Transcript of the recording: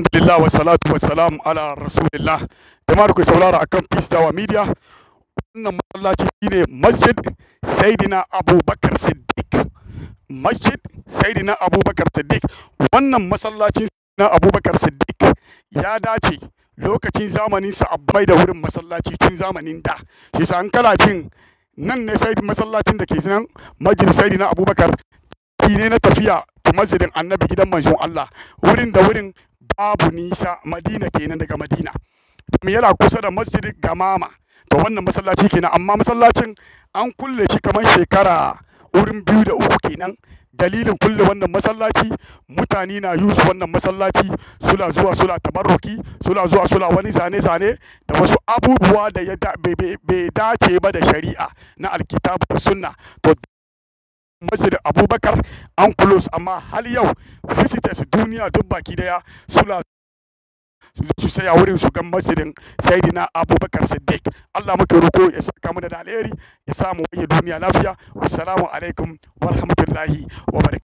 alhamdulillah wa salatu wa salam ala rasulillah jama'ar ku saurara akan peace tower media wannan masallaci shine masjid saidina abubakar siddiq masjid saidina abubakar siddiq wannan masallacin na abubakar siddiq ya dace lokacin zamanin sa abbai da wurin masallaci tun zamanin da shi sa an kala jin nan ne sai masallacin da ke nan masjid sayyidina na abubakar ne na tafiya masjidin annabi gidan manzon Allah wurin da wurin babu nisa madina kenan daga madina yana kusa da masjid gamama to wannan masallaci kenan amma masallacin an kulle shi kamar shekara wurin biyu da uku kenan dalilin kulle wannan masallaci mutane na yusu wannan masallaci suna zuwa suna tabarruki suna zuwa suna wani zane-zane da wasu abubuwa da ya bai dace ba da shari'a na alkitabu da sunna to masjid abubakar an kulos amma har yau visitors duniya duk baki daya sula su saya wurin shugan masjidin saidina abubakar siddiq allah muke roko ya saka mana da alheri ya samu waye duniya lafiya wassalamu alaikum warahmatullahi wabarakatuh